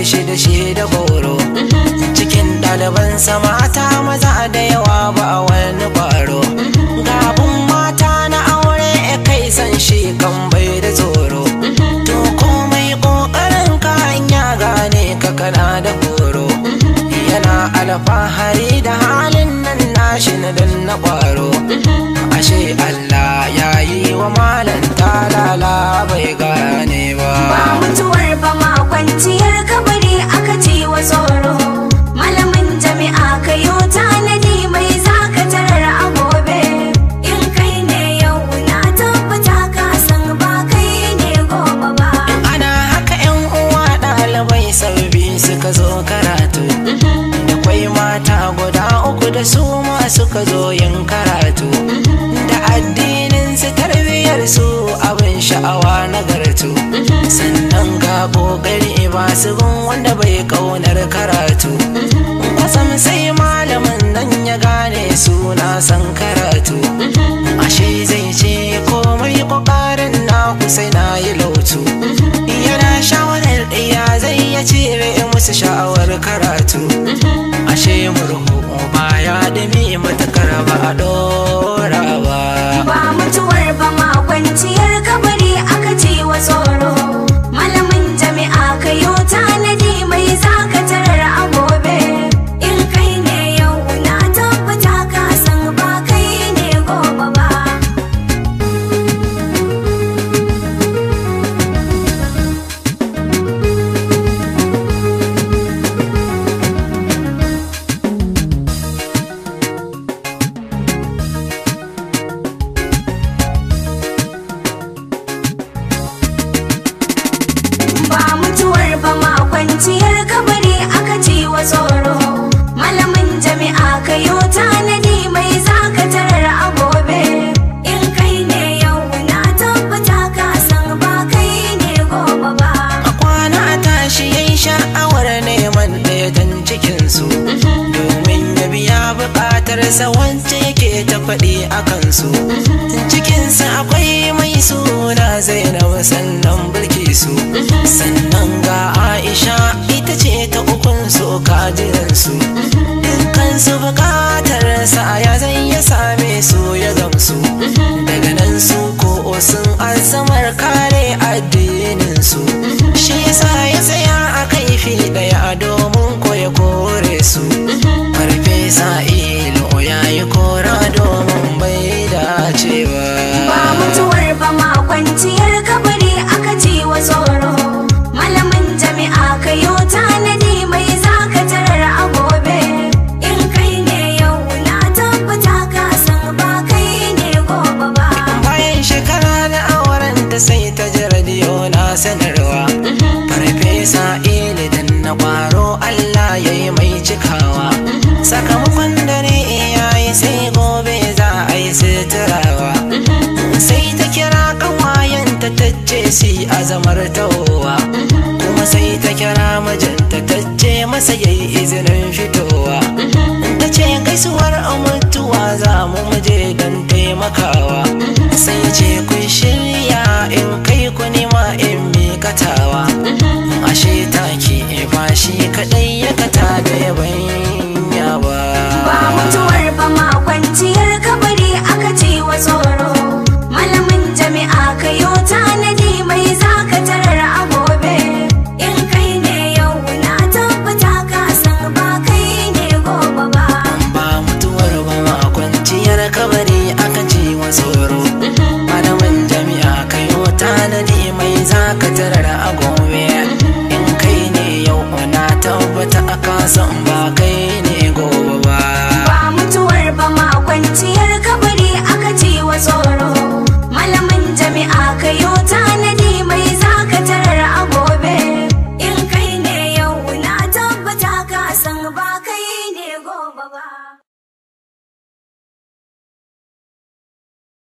haɗe shi da shi da goro mm-hmm. cikin ɗaliban mata maza da yawa ba a wani kwaro mm-hmm. gabin mata na aure ya kai san shi kan bai da tsoro mm-hmm. to komai ƙoƙarin ka ya gane ka kana da horo yana alfahari da halin nan nashi na dan na ƙwaro ashe Allah ya yi wa malam talala bai gane suka zo yin karatu da addinin su tarbiyyar su abin sha'awa na nagartu sannan ga kokari masu bin wanda bai kaunar karatu Kasan sai malamin nan ya gane suna san karatu ashe zai ce komai kokarin na kusa na yi lautu yana shawarar ɗaya zai ya cire musu sha'awar karatu ka yi tanadi mai zaka tarar a gobe in kai ne yau na tabbata ka san ba kai ne gobe ba a kwana a tashi yayi sha'awar neman ɗaya don cikinsu, mhm. domin ya biya buƙatar sa wance yake ta faɗi a kansu mhm. I na kwaro Allah ya yi mai cikawa sakamakon dare yi sai gobe za a yi suturawa sai ta kira ta tacce si azamar tawowa kuma sai ta kira ta tacce masa ya yi izinin fitowa ta ce gaisuwar mutuwa za mu muje don taimakawa shi kaɗai ya kata da yabai